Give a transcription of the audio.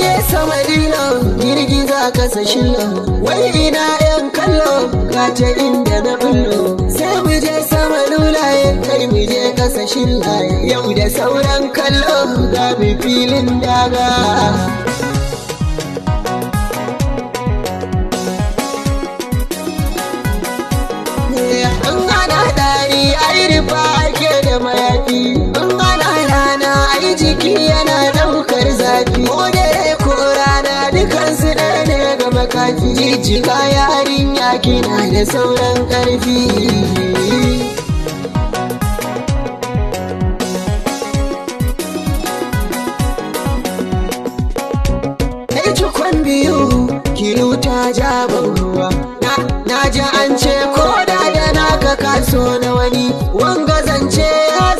haye samadina girgiza kasa shillo wai ina yan kallo ka inda na bullo sai mu je sama lulaye kai mu je kasa yau da sauran kallo ga mu filin daga zafi jijiga yarinya kina da sauran ƙarfi kwan biyu kilo ta ja ruwa na ji an ce ko da da naka kaso na wani wanga zance ya